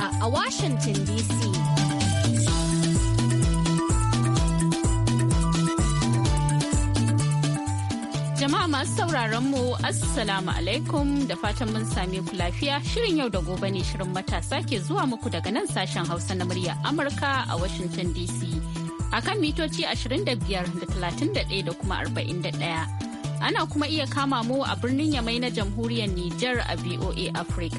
a Washington DC. Jama'a masu sauraron mu Assalamu alaikum da fatan mun same ku lafiya shirin yau da gobe ne shirin matasa ke zuwa muku daga nan sashen Hausa na murya Amurka a Washington DC. A kan mitoci 25 da 31 da kuma 41. Ana kuma iya kama mu a birnin Yamai na jamhuriyar Nijar a VOA Africa.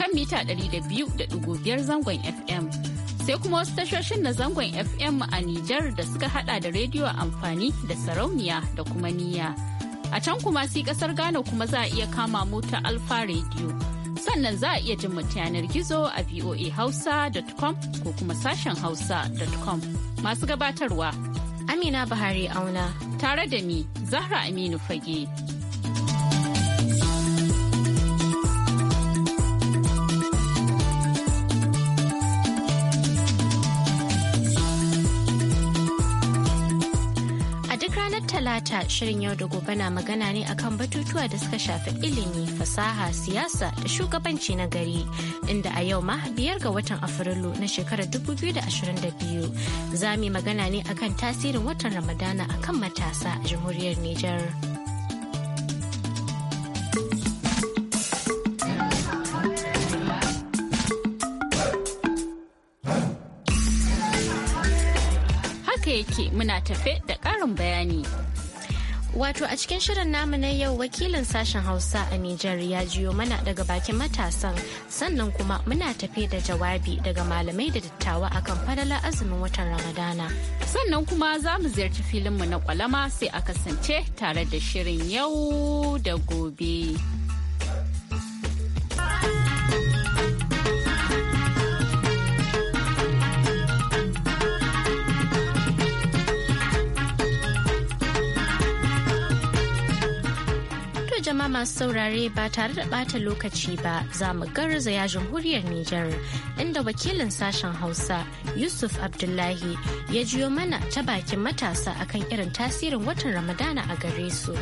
kan mita 200.5 zangon FM. Sai kuma wasu tashoshin na zangon FM a Nijar da suka hada da rediyo a amfani da sarauniya da kuma niyya. A can kuma si kasar Ghana kuma za a iya kama mota Alfa Radio. Sannan za a iya jin mu yanar gizo a voahausa.com ko kuma sashen hausa.com. Masu gabatarwa. Amina Bahari Auna. Tare da ni, Zahra Aminu Fage. gabata shirin yau da gobe na magana ne akan batutuwa da suka shafi ilimi, fasaha, siyasa da shugabanci na gari. Inda a yau ma biyar ga watan Afrilu na shekarar 2022 za mu magana ne akan tasirin watan Ramadana akan matasa a jamhuriyar Nijar. haka yake muna tafe da ƙarin bayani. Wato a cikin shirin namu na yau wakilin sashen Hausa a Nijar ya jiyo mana daga bakin matasan sannan kuma muna tafe da jawabi daga malamai da dattawa akan fadala azumin watan Ramadana. Sannan kuma za mu ziyarci filinmu na kwalama sai a kasance tare da shirin yau da gobe. jama masu saurare ba tare da bata lokaci ba za mu garzaya jamhuriyar Nijar inda wakilin sashen Hausa Yusuf Abdullahi ya jiyo mana ta bakin matasa akan irin tasirin watan Ramadana a gare su.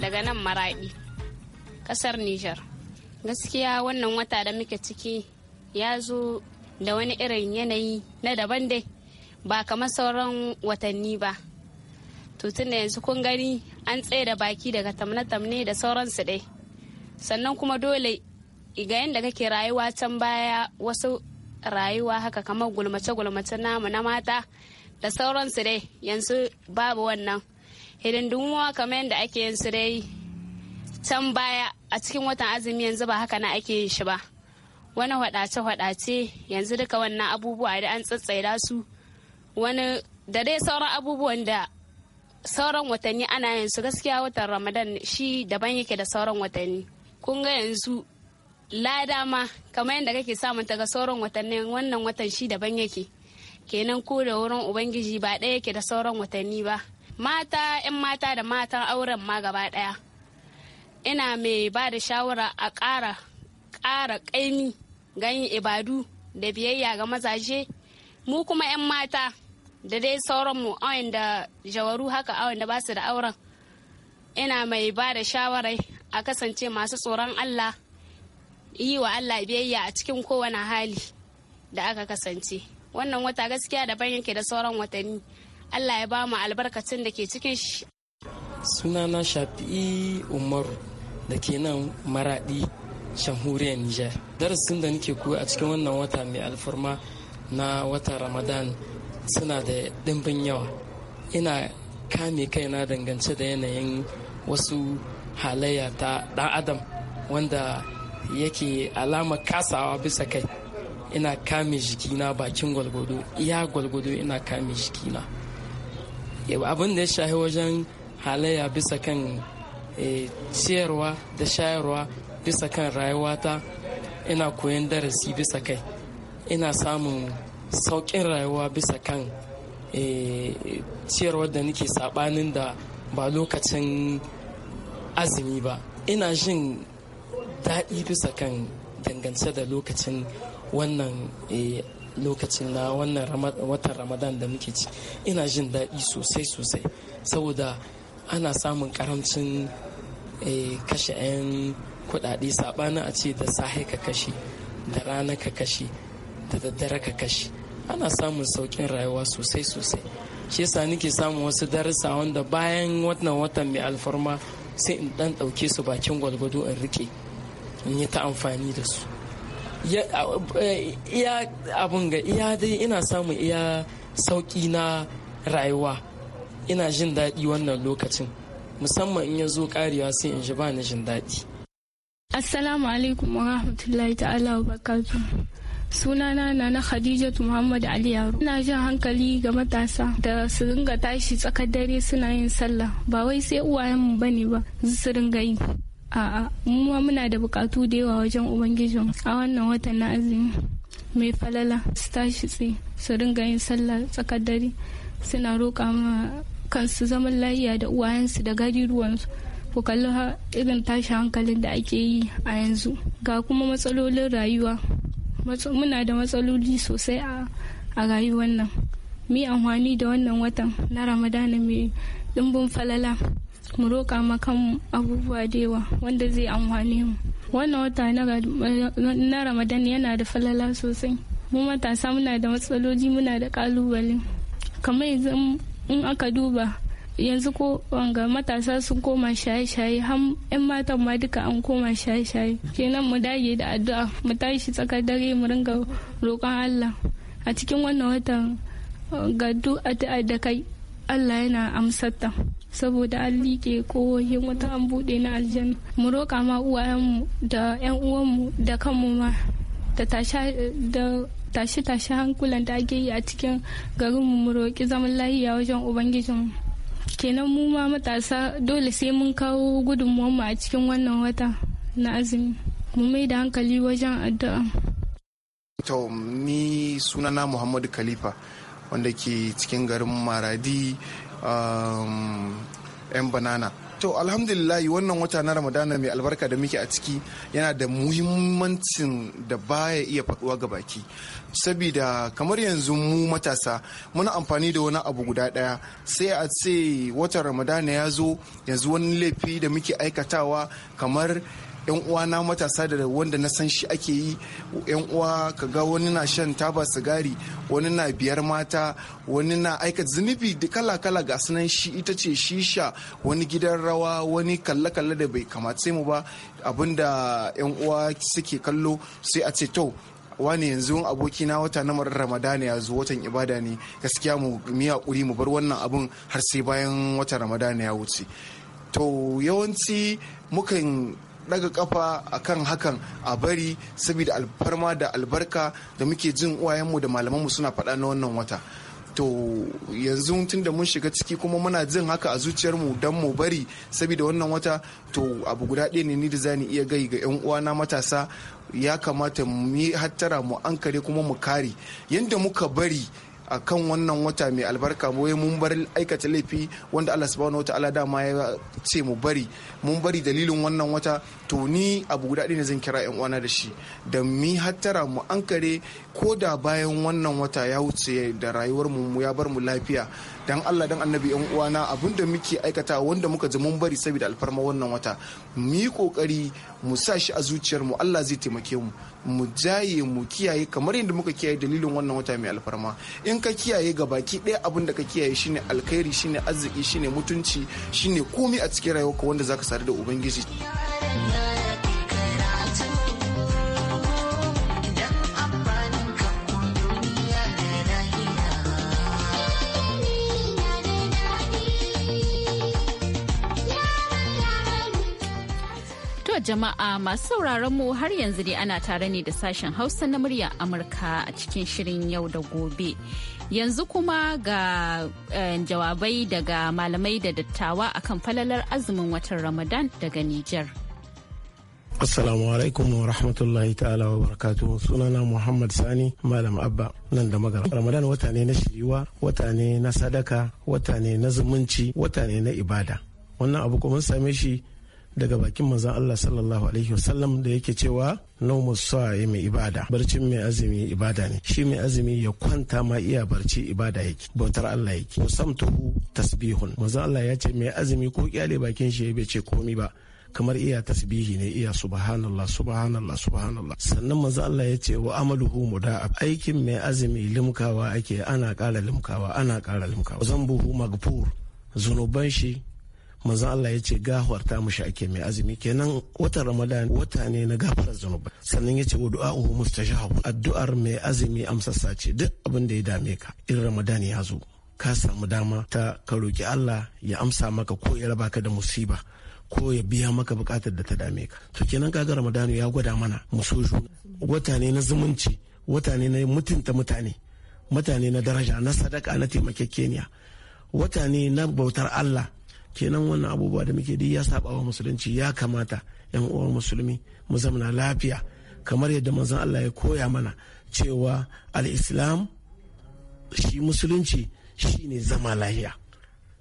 daga nan maraɗi ƙasar Nijar. Gaskiya wannan wata da muke ciki ya zo da wani irin yanayi na daban dai ba kamar sauran watanni ba to da yanzu kun gani an tsaye da baki daga tamne-tamne da sauransu dai sannan kuma dole ga yadda kake rayuwa can baya wasu rayuwa haka kamar gulmace-gulmace namu na mata da sauransu dai yanzu babu wannan hidindumuwa kamar yadda ake yin su dai can baya a cikin watan azumi yanzu ba haka na ake yin shi ba wani hwadace-hwadace yanzu duka wannan abubuwa da an tsatsaida su wani da dai sauran abubuwan da sauran watanni ana yin su gaskiya watan ramadan shi daban yake da sauran watanni kun ga yanzu lada ma kamar yadda kake samun ta ga sauran watannin wannan watan shi daban yake kenan ko da wurin ubangiji ba ɗaya yake da sauran watanni ba mata 'yan mata da matan auren ma gaba ɗaya ina mai ba da shawara a ƙara ƙara ƙaimi ganin ibadu da biyayya ga mazaje mu kuma 'yan mata da dai sauranmu awon da jawaru haka awon da basu da auren ina mai ba da shawarai a kasance masu tsoron allah yi wa allah biyayya a cikin kowane hali da aka kasance wannan wata gaskiya da daban yake da sauran watanni allah ya ba mu albarkacin da ke cikin shi sunana shafi'i umaru da ke nan maraɗi jamhuriyar Nijar. Darasin da nake koya a cikin wannan wata mai alfarma na wata Ramadan suna da ɗimbin yawa. Ina kame kai na dangance da yanayin wasu halayya ta ɗan adam wanda yake alama kasawa bisa kai. Ina kame jikina bakin gwalgwado, iya gwalgwado ina kame jikina. Abin da ya shahi wajen halayya bisa kan eh, ciyarwa da shayarwa bisa kan rayuwata ina koyon darasi bisa kai ina samun saukin rayuwa bisa kan eh, ciyarwa da nake saɓanin da ba lokacin azumi ba ina jin daɗi bisa kan dangance da lokacin wannan eh, lokacin na wannan watan ramadan da muke ci ina jin daɗi sosai sosai saboda ana samun karamcin eh, kashe 'yan kuɗaɗe sabani a ce da sahai ka kashe da rana ka kashe da daddare ka kashe ana samun saukin rayuwa sosai sosai shi yasa nake samun wasu darussa wanda bayan wannan watan mai alfarma sai in ɗan ɗauke su bakin gwalgwado in rike in yi ta amfani da su eh, iya abun ga iya dai ina samun iya sauƙi na rayuwa ina jin daɗi wannan lokacin musamman in ya zo karewa sai in ji ba ni jin daɗi Assalamu alaikum wa rahmatullahi ta'ala wa barakatu. Sunana na na Khadijatu Muhammad Ali Yaro. Ina jan hankali ga matasa da su ringa tashi tsakar dare suna yin sallah. Ba wai sai uwayenmu bane ba su ringa yi. A'a, mu ma muna da bukatu da yawa wajen Ubangijin a wannan watan na azumi. Mai falala su tashi tsaye su ringa yin sallah tsakar dare suna roƙa ma kansu zaman lafiya da uwayensu da gariruwansu. ruwansu. ku kalli irin tashi hankalin da ake yi a yanzu ga kuma matsalolin rayuwa muna da matsaloli sosai a rayuwar nan mi amfani da wannan watan na ramadana mai dimbin falala mu roƙa makan abubuwa da yawa wanda zai amfani mu wannan wata na ramadan yana da falala sosai mu matasa muna da matsaloli muna da kalubale kamar yanzu in aka duba yanzu ko wanga matasa sun koma shaye-shaye har yan matan ma duka an koma shaye-shaye kenan mu dage da addu'a mu tashi tsakar dare mu ringa roƙon Allah a cikin wannan watan ga duk addu'a da kai Allah yana amsarta saboda an liƙe yin wata an buɗe na aljanna mu roƙa ma uwayenmu da 'yan uwanmu da kanmu ma da tashe-tashe hankulan da ake yi a cikin garinmu mu roƙi zaman lahiya wajen ubangijinmu kenan mu ma matasa dole sai mun kawo mu a cikin wannan wata na azumi mu mai da hankali wajen addu'a to ni sunana muhammadu khalifa wanda ke cikin garin maradi um, yan banana To alhamdulillah wannan wata na Ramadana mai albarka da muke a ciki yana da muhimmancin da baya iya faduwa ga baki. Sabida kamar yanzu mu matasa muna amfani da wani abu guda daya sai a ce watan Ramadana ya zo yanzu wani laifi da muke aikatawa kamar yan uwa na matasa da wanda na san shi ake yi yan uwa ka ga wani na shan taba sigari wani na biyar mata wani na aika zunubi da kala kala ga sunan shi ita ce shisha wani gidan rawa wani kalle kalle da bai kamata sai mu ba abinda yan uwa suke kallo sai a ce to wani yanzu aboki na wata na marar ramadana ya zo watan ibada ne gaskiya mu miya kuri mu bar wannan abun har sai bayan watan ramadana ya wuce to yawanci mukan daga kafa akan hakan a bari saboda alfarma da albarka da muke jin uwayenmu da malamanmu suna faɗa na wannan wata to yanzu tun da mun shiga ciki kuma muna jin haka a zuciyarmu don mu bari saboda wannan wata to abu guda ɗaya ne ni da zani iya gai ga 'yan uwana matasa ya kamata mu yi hattara mu ankare kuma mu kare yadda muka bari a kan wannan wata mai albarka mu mun bar aikata laifi wanda Allah subhanahu wataala dama ya ce mu bari mun bari dalilin wannan wata to ni abu guda ne zan kira yan uwana da shi da mi hattara mu an kare ko da bayan wannan wata ya wuce da rayuwar mu ya bar mu lafiya dan Allah dan annabi yan uwana da muke aikata wanda muka ji mun bari saboda alfarma wannan wata mu yi kokari mu sa shi a zuciyar mu Allah zai taimake mu mu jaye mu kiyaye kamar yadda muka kiyaye dalilin wannan wata mai alfarma in ka kiyaye ga baki ɗaya abin da ka kiyaye shine alkhairi shine arziki shine mutunci shine komi a cikin rayuwarka wanda zaka sadu da ubangiji jama'a masu sauraron mu har yanzu dai ana tare ne da sashen Hausa na murya Amurka a cikin shirin yau da gobe. Yanzu kuma ga eh, jawabai daga malamai da dattawa akan falalar azumin watan Ramadan daga Nijar. Assalamu alaikum wa rahmatullahi ta'ala wa barakatu sunana Muhammad Sani Malam Abba nan da magana. Ramadan wata ne na shiriwa, wata ne na sadaka, wata ne na zumunci, wata ne na ibada. Wannan abu kuma same shi daga bakin manzon Allah sallallahu alaihi wasallam da yake cewa naumu sa'i mai ibada barcin mai azumi ibada ne shi mai azumi ya kwanta ma iya barci ibada yake bautar Allah yake wasamtuhu tasbihun manzon Allah ya ce mai azumi ko kyale bakin shi ya bai ce komi ba kamar iya tasbihi ne iya subhanallah subhanallah subhanallah sannan manzo Allah ya ce wa amaluhu muda aikin mai azumi limkawa ake ana kara limkawa ana kara limkawa zan zambuhu magfur zunuban shi manzon Allah ya ce gafarta mushi ake mai azumi kenan watan Ramadan wata ne na gafarar zunubai sannan ya ce wa du'a'uhu mustajab addu'ar mai azumi amsassa ce duk abin da ya dame ka in Ramadan ya zo ka samu dama ta ka roki Allah ya amsa maka ko ya raba ka da musiba ko ya biya maka bukatar da ta dame ka to kenan kaga Ramadan ya gwada mana mu so wata ne na zumunci wata ne na mutunta mutane mutane na daraja na sadaka na taimakekeniya wata ne na bautar Allah kenan wannan abubuwa da muke ya saba wa musulunci ya kamata yan uwan musulmi mu zamana lafiya kamar yadda manzon Allah ya koya mana cewa al-islam shi musulunci shine zama lahiya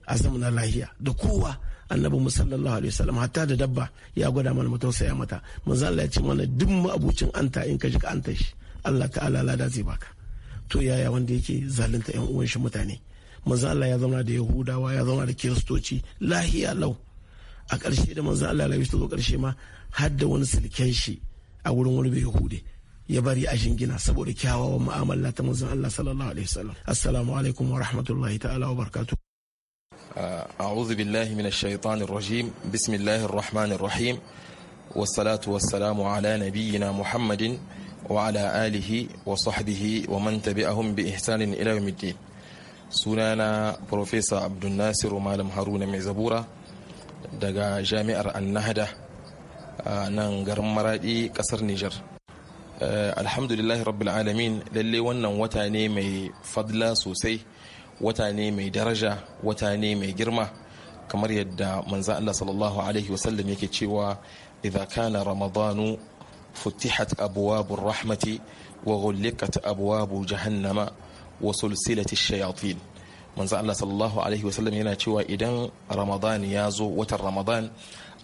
a zamana lahiya da kowa annabi mu sallallahu alaihi wasallam hatta da dabba ya gwada mana mu tausaya mata manzon Allah ya ce mana duk ma'abucin anta in ka ji ka anta shi Allah ta'ala lada zai baka to yaya wanda yake zalunta yan uwan shi mutane manzo Allah ya zauna da yahudawa ya zauna da kiristoci lahiya lau a ƙarshe da manzo Allah ya zo ƙarshe ma har da wani silken shi a wurin wani bai yahude ya bari a shingina saboda kyawawan mu'amala ta manzon Allah sallallahu alaihi wasallam assalamu alaikum wa rahmatullahi ta'ala wa barakatuh أعوذ بالله من الشيطان الرجيم بسم الله الرحمن الرحيم والصلاة والسلام على نبينا محمد وعلى آله وصحبه ومن تبعهم بإحسان إلى يوم الدين sunana professor abdul nasiru malam haruna mai zabura daga jami'ar annahda a nan garin Maraɗi ƙasar Nijar. Eh, alhamdulillahi rabbil alamin lalle wannan wata ne mai fadla sosai wata ne mai daraja wata ne mai girma kamar yadda manza Allah sallallahu alaihi wasallam yake cewa idza kana ramadanu futihat abwabur rahmati wa ghulliqat abwabu jahannama wa sulsilati shayatin manzo Allah sallallahu alaihi wasallam yana cewa idan ramadan ya zo watan ramadan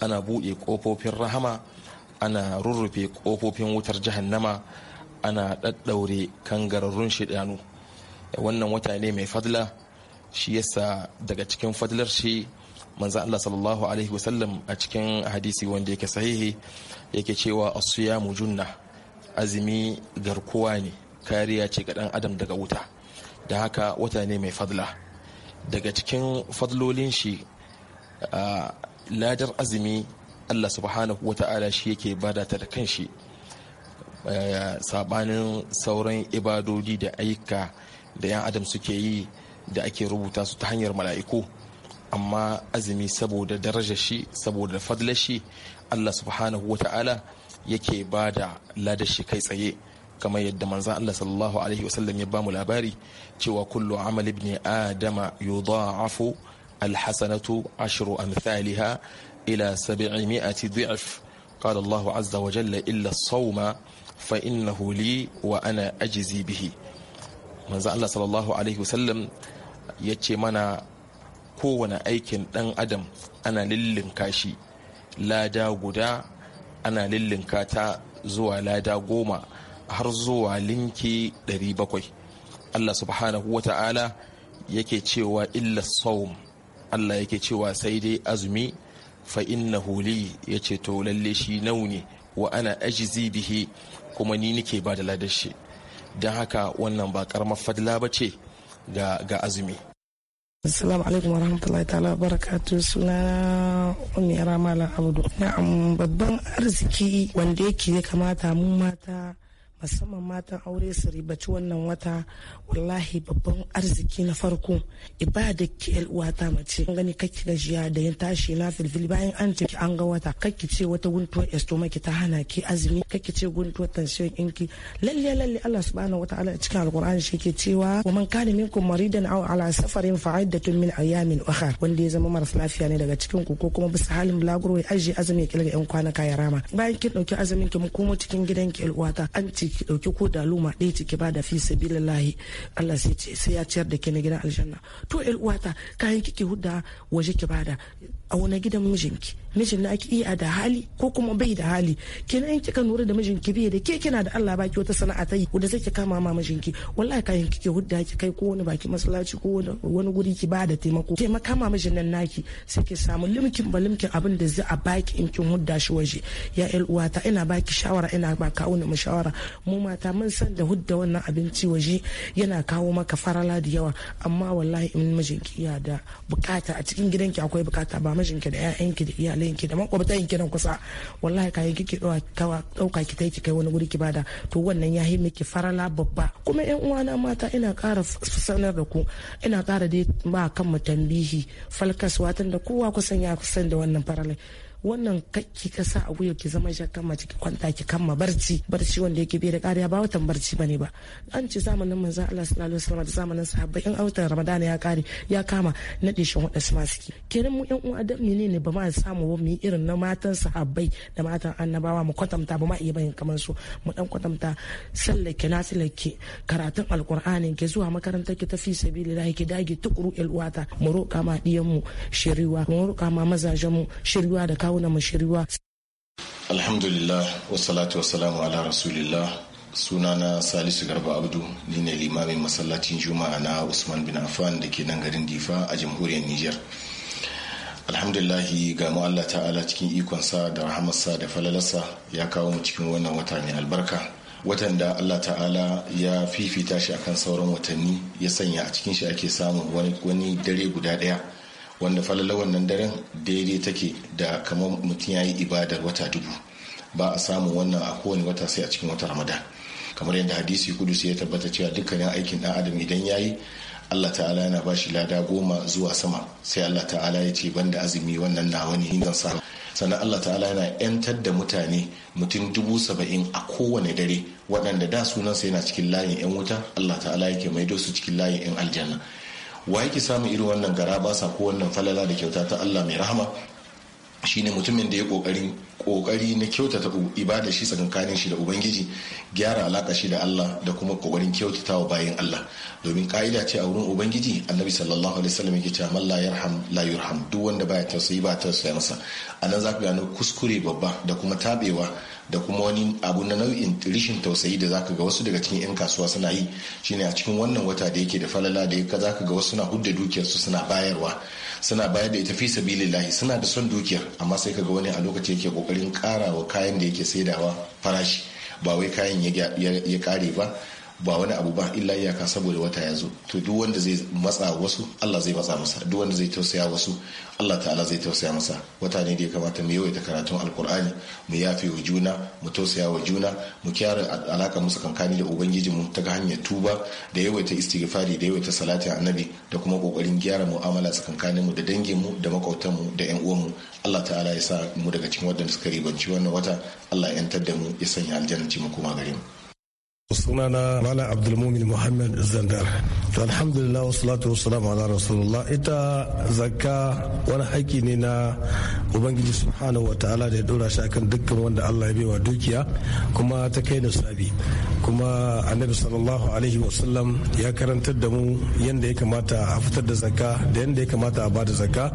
ana buɗe kofofin rahama ana rurrufe kofofin wutar jahannama ana ɗaɗɗaure kangararrun shidanu wannan wata ne mai fadla shi yasa daga cikin fadlar shi manzo Allah sallallahu alaihi wasallam a cikin hadisi wanda yake sahihi yake cewa as-siyamu junna azumi garkuwa ne kariya ce ga dan adam daga wuta da haka wata ne mai fadla daga cikin fadlolin shi ladar azumi allah subhanahu wa ta'ala shi yake bada ta da kanshi sabanin sauran ibadodi da ayyuka da 'yan adam suke yi da ake rubuta su ta hanyar mala'iku amma azumi saboda darajar shi saboda fadlar shi allah subhanahu wa ta'ala yake ba da ladar shi kai tsaye kamar yadda manzan Allah sallallahu alaihi wasallam ya bamu labari cewa kullu amal ibn adama yudha'afu alhasanatu ashru amthaliha ila 700 dhi'f qala Allah azza wa jalla illa as-sawma fa innahu li wa ana ajzi bihi manzan Allah sallallahu alaihi wasallam ya ce mana kowane aikin dan adam ana lillinka shi lada guda ana lillinka ta zuwa lada goma har zuwa linki 700 Allah subhanahu wa ta'ala yake cewa illa saum Allah yake cewa sai dai azumi fa inna huli ya ce to lalle shi nauni wa ana ajizi bihi kuma ni nike ba da ladar don haka wannan ba karamar fadla ba ce ga azumi Assalamu alaikum rahmatullahi ta'ala barakatu suna Ummi Ramala Abdu. Na'am babban arziki wanda yake ya kamata mu mata musamman matan aure su ribaci wannan wata wallahi babban arziki na farko ibada ke uwata mace an gani kake jiya da yin tashi na filfil bayan an ce an ga wata kake ce wata guntuwar estoma ki ta hana ki azumi kake ce guntuwar tension inki lalle lalle Allah subhanahu wataala a cikin alqur'ani shi ke cewa wa man kana minkum maridan aw ala safarin fa iddatun min ayamin ukhra wanda ya zama maras lafiya ne daga cikin ku ko kuma bisa halin bulaguro ya ajiye azumi kila da yan kwanaka kaya rama bayan kin dauki azumin ki mu komo cikin gidanki uwata an ce ki dauki ko da luma ɗaya ciki ki bada fi sabilillahi Allah sai ce sai ya ciyar da ke na gidan aljanna to ƴar uwata kayan kike hudda waje ki bada a wani gidan mijinki mijin na ake iya da hali ko kuma bai da hali kenan in kika nura da mijinki bai da ke kina da Allah baki wata sana'a ta yi wanda zai kama ma mijinki wallahi kayan kike hudda ki kai ko wani baki masallaci ko wani guri ki ba da taimako maka ma mijin nan naki sai ki samu limkin ba limkin abin da zai a baki in kin hudda shi waje ya ƴan uwata ina baki shawara ina ba kawo mu shawara mu mata mun san da hudda wannan abinci waje yana kawo maka farala da yawa amma wallahi in mijinki ya da bukata a cikin gidanki akwai bukata ba mijinki da 'ya'yanki da iyalai iyalin ki da makwabtan ki nan kusa wallahi kayan kike dauka ki ta ki kai wani guri ki bada to wannan ya yi miki farala babba kuma yan uwana mata ina kara sanar da ku ina kara dai ba kan mu tambihi falkaswa tunda kowa kusan ya kusan da wannan faralai wannan kakki ka sa a gwiwa ki zama kan mace ki kwanta ki kama barci barci wanda yake bai da kariya ba watan barci bane ba an ce zamanin manzon Allah sallallahu alaihi wasallam da zamanin sahabbai in autan Ramadan ya kare ya kama na dishin wadansu masu ki kenan mu yan uwa adam ne ne ba ma samu ba mu yi irin na matan sahabbai da matan annabawa mu kwatanta ba ma iya bayin kamar su mu dan kwatanta sallake na sallake karatun alqur'ani ke zuwa makarantar ki tafi sabilillah ki dage tukuru ilwata mu roƙa ma diyan mu shiriwa mu roƙa ma mazajen mu shiriwa da kawo na mashiriwa. Alhamdulillah, wassalatu wassalamu ala rasulillah. sunana salisu garba abdu ni ne limamin masallacin juma'a na usman bin affan da ke nan garin difa a jamhuriyar niger alhamdulahi ga mu allah ta'ala cikin ikonsa da rahamarsa da falalarsa ya kawo mu cikin wannan wata mai albarka watan da allah ta'ala ya fifita shi akan sauran watanni ya sanya a cikin shi ake samun wani dare guda daya wanda falala wannan daren daidai take da kamar mutum ya yi ibadar wata dubu ba a samu wannan a kowane wata sai a cikin wata ramadan kamar yadda hadisi kudu sai ya tabbata cewa dukkanin aikin dan adam idan ya yi Allah ta'ala yana ba shi lada goma zuwa sama sai Allah ta'ala ya ce banda azumi wannan na wani zan sa sannan Allah ta'ala yana yantar da mutane mutum dubu saba'in a kowane dare waɗanda da sunansa yana cikin layin 'yan wuta Allah ta'ala yake maido su cikin layin 'yan aljanna wa yake samun irin wannan gara ba sa ko wannan falala da kyauta ta Allah mai rahama shine mutumin da ya kokari kokari na kyautata ibada shi tsakankanin shi da ubangiji gyara alaka shi da Allah da kuma kokarin kyautata wa bayan Allah domin ka'ida ce a wurin ubangiji annabi sallallahu alaihi wasallam yake cewa man la yarham la yurham duk wanda baya tausayi ba tausaya masa anan zaka gano kuskure babba da kuma tabewa da kuma wani abu na nau'in rishin tausayi da zaka ga wasu daga cikin 'yan kasuwa suna yi shine a cikin wannan wata da yake da falala da yake zaka ga wasu suna hudda dukiyar su suna bayarwa suna bayar da ita fi sabilillahi suna da son dukiyar amma sai kaga wani a lokaci yake kokarin karawa kayan da yake saidawa farashi ba wai kayan ya kare ba ba wani abu ba illa iyaka saboda wata ya zo to duk wanda zai matsa wasu Allah zai matsa masa duk wanda zai tausaya wasu Allah ta'ala zai tausaya masa wata ne da ya kamata mu yawaita karatun alkur'ani mu yafe wa juna mu tausaya wa juna mu kyara alaka musu kankani da ubangijinmu ta hanyar tuba da yawaita istighfari da yawaita salati annabi da kuma kokarin gyara mu'amala mu da danginmu da mu da yan mu Allah ta'ala ya sa mu daga cikin wadanda suka ribanci wannan wata Allah ya yantar da mu ya sanya aljanna ci mu kuma gare mu sunana malam abdulmumin muhammad zandar to alhamdulillah wasalatu wasalamu ala rasulullah ita zakka wani haƙƙi ne na ubangiji subhanahu ta'ala da ya dora shi akan dukkan wanda allah ya wa dukiya kuma ta kai sabi kuma annabi sallallahu alaihi wasallam ya karantar da mu yadda ya kamata a fitar da zakka da yadda ya kamata a bada zakka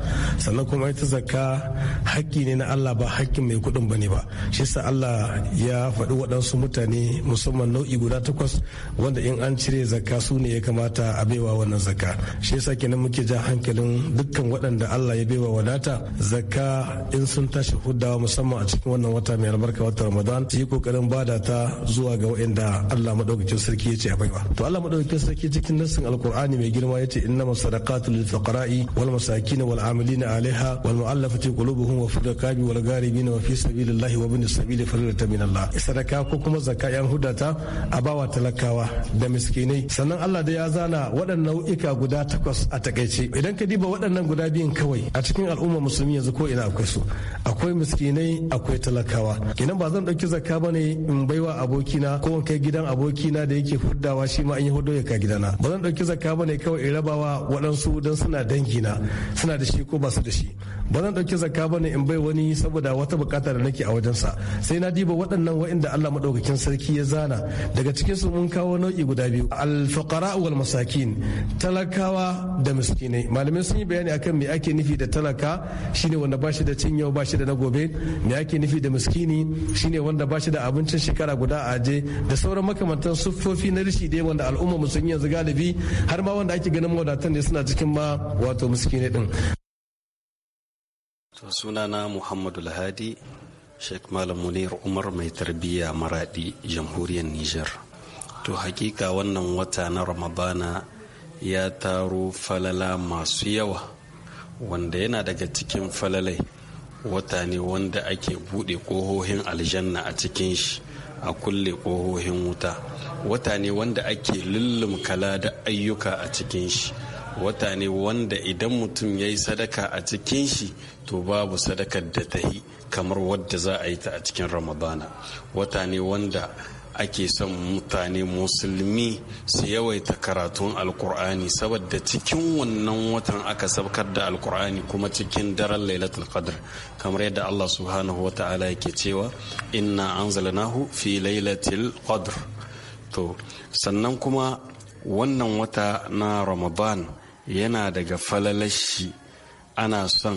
sannan kuma ita zakka haƙƙi ne na allah ba haƙƙin mai kuɗin ba ne ba shi sa allah ya faɗi waɗansu mutane musamman nau'i guda takwas wanda in an cire zakka su ne ya kamata a baiwa wannan zakka shi yasa kenan muke ja hankalin dukkan waɗanda Allah ya baiwa wadata zakka in sun tashi huddawa musamman a cikin wannan wata mai albarka wata Ramadan su yi kokarin bada ta zuwa ga waɗanda Allah madaukakin sarki ya ce a baiwa to Allah madaukakin sarki cikin nassin alkur'ani mai girma ya ce innama sadaqatu lil fuqara'i wal masakin wal amilina alaiha wal mu'allafati qulubuhum wa fi wal gharibina wa fi sabilillahi wa bin sabili farilatan min Allah sadaka ko kuma zakka yan huddata a bawa talakawa da miskinai sannan Allah da ya zana waɗannan nau'ika guda takwas a takaice idan ka diba waɗannan guda biyun kawai a cikin al'umma musulmi yanzu ko ina akwai su akwai miskinai akwai talakawa idan ba zan ɗauki zakka ba ne in baiwa abokina ko in kai gidan abokina da yake huddawa shi ma an yi hudo ya ka gidana ba zan ɗauki zakka ba ne kawai in rabawa waɗansu don suna dangina suna da shi ko ba su da shi ba zan ɗauki zakka ba ne in bai wani saboda wata bukata da nake a wajensa sai na diba waɗannan wa'inda Allah maɗaukakin sarki ya zana daga cikin su mun kawo nau'i guda biyu alfaqara wal masakin talakawa da miskinai malamai sun yi bayani akan me ake nufi da talaka shine wanda bashi da cin yau bashi da na gobe me ake nufi da miskini shine wanda bashi da abincin shekara guda a aje da sauran makamantan siffofi na rishi dai wanda al'umma musulmi yanzu galibi har ma wanda ake ganin mawadatan ne suna cikin ma wato miskinai din sunana muhammadu lahadi Sheikh Malam Munir Umar mai tarbiyya maraɗi, jamhuriyar Nijar. To hakika wannan wata na Ramadana ya taro falala masu yawa wanda yana daga cikin falalai wata ne wanda ake buɗe ƙohohin aljanna a cikin shi a kulle ƙohohin wuta wata ne wanda ake lullum kala da ayyuka a cikin shi wata ne wanda idan mutum ya yi sadaka a cikin shi to babu sadakar da ta yi kamar wadda za a yi ta a cikin ramadana wata ne wanda ake son mutane musulmi su yawaita karatun alkur'ani saboda cikin wannan watan aka sabkar da alkur'ani kuma cikin daren lailatul qadr kamar yadda Allah subhanahu wa ta'ala yake cewa inna anzalnahu fi lailatul qadr to sannan kuma wannan wata na ramadan yana daga falalashi ana son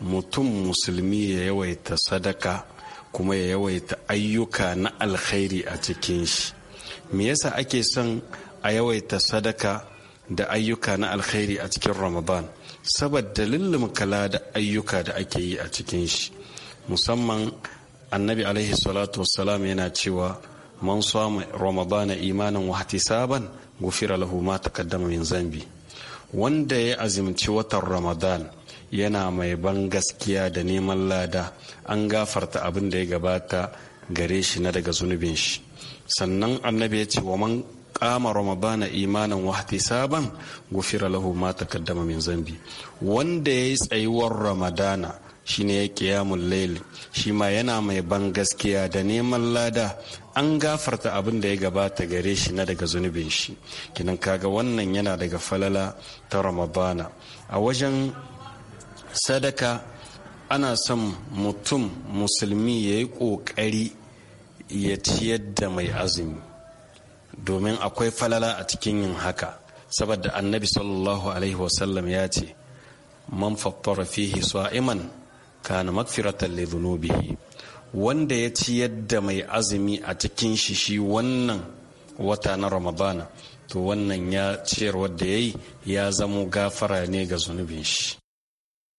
mutum musulmi ya yawaita sadaka kuma ya yawaita ayyuka na alkhairi a cikin shi me yasa ake son a yawaita sadaka da ayyuka na alkhairi a cikin ramadan saboda kala da ayyuka da ake yi a cikin shi musamman annabi alaihi salatu wassalam yana cewa man sama ramadana imanin wahtisaban gufira lahu ma taqaddama min zambi wanda ya azimci watan ramadan yana mai ban gaskiya da neman lada an gafarta abin da ya gabata gare shi na daga zunubin shi sannan annabi ya ce wa man kama ramadana imanin wahti saban gufira lahu ma takaddama min zambi wanda ya yi tsayuwar ramadana shine ya kiyamun laili shi ma yana mai ban gaskiya da neman lada an gafarta abin da ya gabata gare shi na daga zunubin shi kinan kaga wannan yana daga falala ta ramadana a wajen sadaka ana son mutum musulmi ya yi ƙoƙari ya ciyar da mai azumi domin akwai falala a cikin yin haka saboda annabi sallallahu alaihi wasallam ya ce man fattara fihi sa'iman kana magfiratan li dhunubihi wanda ya ci yadda mai azumi a cikin shi shi wannan wata na ramadana to wannan ya ciyarwar da ya yi ya zamo gafara ne ga zunubin shi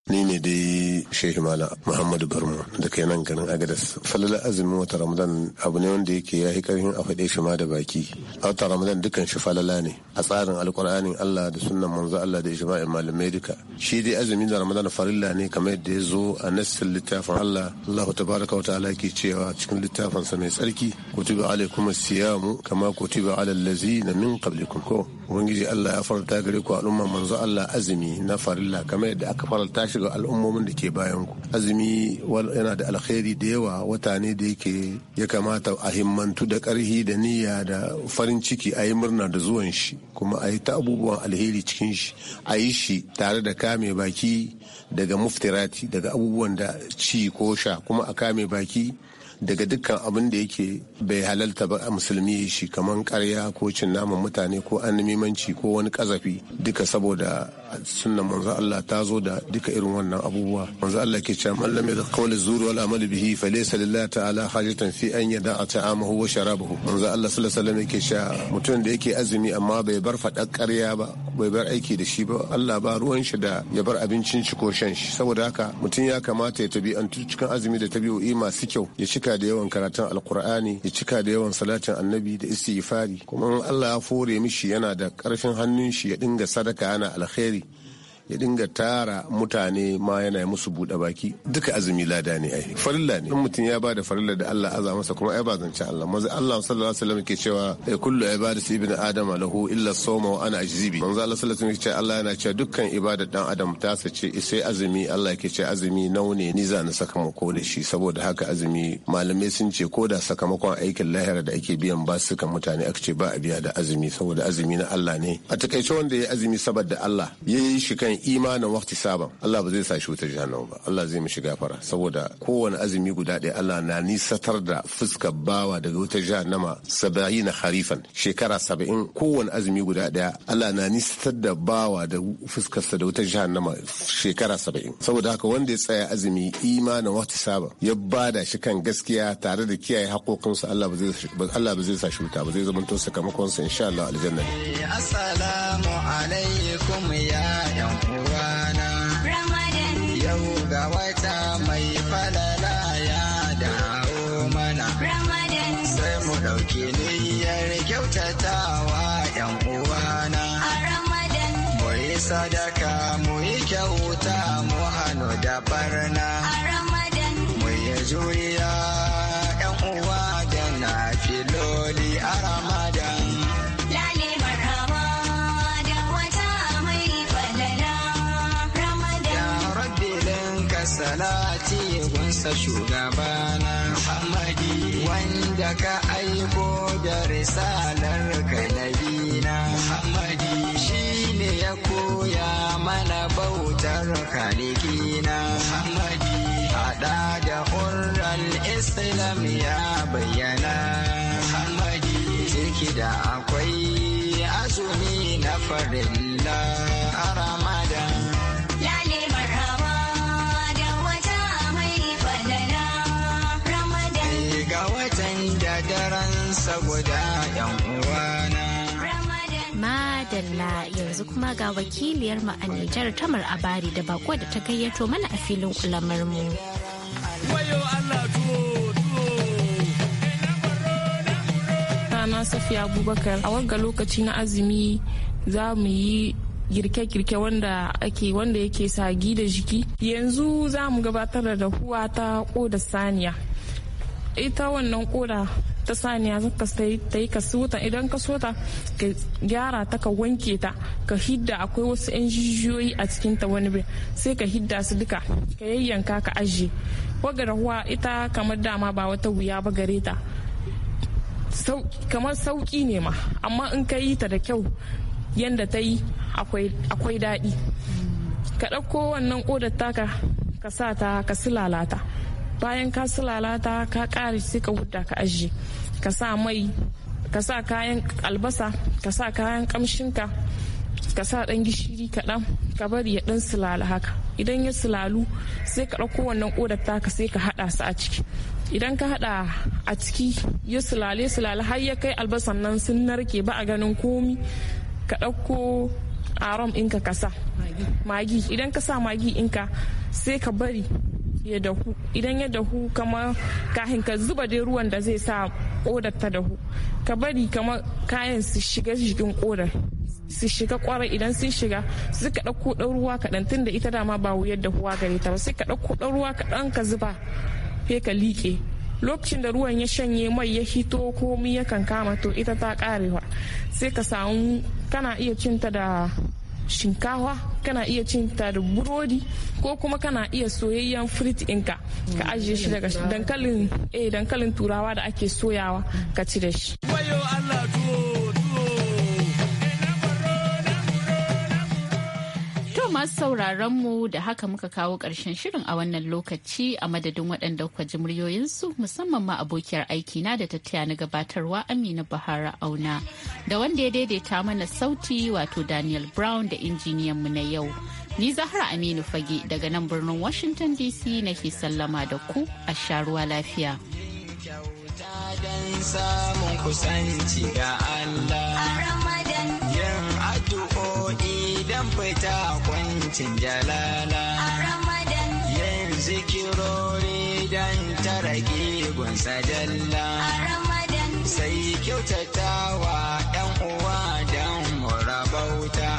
Ni ne dai Shehu Mala Muhammadu Barmo da ke nan garin Agadas. Falala azumin wata Ramadan abu ne wanda yake ya yi karfin a faɗe shi ma da baki. A wata Ramadan dukan shi falala ne a tsarin Alƙur'anin Allah da sunnan manzo Allah da ijma'in malamai duka. Shi dai azumi da Ramadan farilla ne kamar yadda ya zo a nassin littafin Allah. Allah tabaraka wa ta'ala ke cewa cikin littafin sa mai tsarki kutiba alaikum siyamu kama kutiba alal ladzina min qablikum ko. Ubangiji Allah ya faranta gare ku al'umma manzo Allah azumi na farilla kamar yadda aka faranta shiga al'ummomin da ke bayan ku azumi yana da alkhairi da yawa wata ne da yake ya kamata a himmantu da karhi da niyya da farin ciki a yi murna da zuwan shi kuma a yi ta abubuwan alheri cikin shi a yi shi tare da kame baki daga muftirati daga abubuwan da ci ko sha kuma a kame baki daga dukkan abin da yake bai halalta ba a musulmi shi kamar karya ko cin naman mutane ko annamimanci ko wani kazafi duka saboda sunnan manzo Allah ta zo da duka irin wannan abubuwa manzo Allah ke cewa man lam yadh qawla zuri wal amal bihi falaysa lillahi ta'ala hajatan fi an yada'a ta'amahu wa sharabahu manzo Allah sallallahu alaihi wasallam yake cewa mutum da yake azumi amma bai bar fadar karya ba bai bar aiki da shi ba Allah ba ruwan shi da ya bar abincin shi ko shan shi saboda haka mutum ya kamata ya an cikin azumi da tabi'o'i masu kyau ya cika cika da yawan karatun alkur'ani ya cika da yawan salatin annabi da istighfari kuma in Allah ya fore mishi yana da karfin hannun shi ya dinga sadaka ana alkhairi ya dinga tara mutane ma yana musu buɗe baki duka azumi lada ne ai farilla ne in mutum ya bada farilla da Allah azza masa kuma ai ba zance Allah manzo Allah sallallahu alaihi wasallam ke cewa eh, kullu ibadatu ibn adam lahu illa sawma wa ana ajzibi manzo Allah sallallahu alaihi wasallam ke cewa Allah yana cewa dukkan ibadar dan adam ta sace sai azumi Allah ke cewa azumi naune ni za na sakamako da shi saboda haka azumi malamai sun ce ko da sakamakon aikin lahira da ake biyan ba suka mutane aka ce ba a biya da azumi saboda azumi na Allah ne a takaice wanda ya azumi saboda Allah ya yi shi kan imanin waqti saban Allah ba zai sa shi wutar jahannama ba Allah zai mishi gafara saboda kowane azumi guda ɗaya Allah na nisatar da fuska bawa daga wutar jahannama saba'in harifan shekara saba'in kowane azumi guda ɗaya Allah na nisatar da bawa da fuskarsa da wutar jahannama shekara saba'in saboda haka wanda ya tsaya azumi imanin waqti saban ya bada shi kan gaskiya tare da kiyaye haƙoƙinsa Allah ba zai Allah ba zai sa shi wuta ba zai zama to sa insha Allah aljanna ne assalamu alaikum ya ga wata mai falala ya dawo mana sai mu ɗauki niyar kyautatawa 'yan uwana. sadaka salar kai nabina Muhammadi shi ne ya koya mana bautar kalikina Muhammadi hada da hurral Islam ya bayyana Muhammadi ciki da akwai azumi na farin yanzu kuma ga wakiliyar mu a Nijar Tamar Abari da bako da ta gayyato mana a filin kulamar mu. Rana Safiya Abubakar a wanga lokaci na azumi za mu yi girke-girke wanda ake wanda yake sagi da jiki yanzu za mu gabatar da huwa ta da saniya ita wannan koda ta saniya zaka ta yi ka idan ka sota ka gyara ta ka wanke ta ka hidda akwai wasu 'yan jijiyoyi a cikin ta wani bai sai ka hidda su duka ka yayyanka ka ajiye ruwa ita kamar dama ba wata wuya ba gare ta kamar sauki ne ma amma in ka yi ta da kyau yadda ta yi akwai daɗi ka ɗauko wannan ƙodar taka ka sa ta ka lalata bayan ka lalata ka kare sai ka huta ka ajiye ka sa mai ka sa kayan albasa ka sa kayan kamshinka ka sa dan gishiri kaɗan ka bari ya dan sulala haka idan ya sulalu sai ka ɗauko wannan ƙodar taka sai ka haɗa su a ciki idan ka haɗa a ciki ya sulale sulale har ya kai albasan nan sun narke ba a ganin komi ka ɗauko arom ɗinka ka sa magi idan ka sa magi ɗinka sai ka bari ya dahu idan ya dahu kamar kahin ka zuba dai ruwan da zai sa kodar ta dahu ka bari kamar kayan su shiga jikin kodar su shiga kwarai idan sun shiga su ka ɗauko ɗan ruwa kaɗan tun da ita dama ba wuyar huwa gare ta ba sai ka ɗauko ɗan ruwa kaɗan ka zuba sai ka liƙe lokacin da ruwan ya shanye mai ya hito komi ya kankama to ita ta karewa sai ka samu kana iya cinta da shinkawa kana iya cin ta da burodi ko kuma kana iya soyayyen frit inka ka ajiye shi daga dankalin eh dankalin turawa da ake soyawa ka ci da shi masu sauraron mu da haka muka kawo ƙarshen shirin a wannan lokaci a madadin waɗanda kwa ji musamman ma abokiyar aiki na da tattaya na gabatarwa Amina Bahara Auna da wanda ya daidaita mana sauti wato Daniel Brown da injiniyan mu na yau. Ni Zahra Aminu Fage daga nan birnin Washington DC nake sallama da ku a sharuwa lafiya. Allah. fita kwancin jalala Yanzu zikirori don tara gunsa dalla sai kyautatawa 'yan uwa don murabauta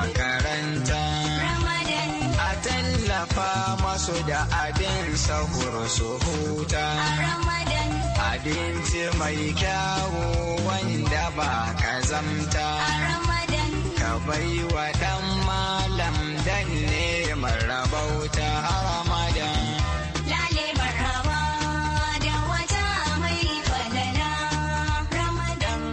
makaranta a tallafa masu da abin sahuru su huta abinci mai kyawu wanda ba kazamta ka bai wa ɗan malam dan neman rabauta harama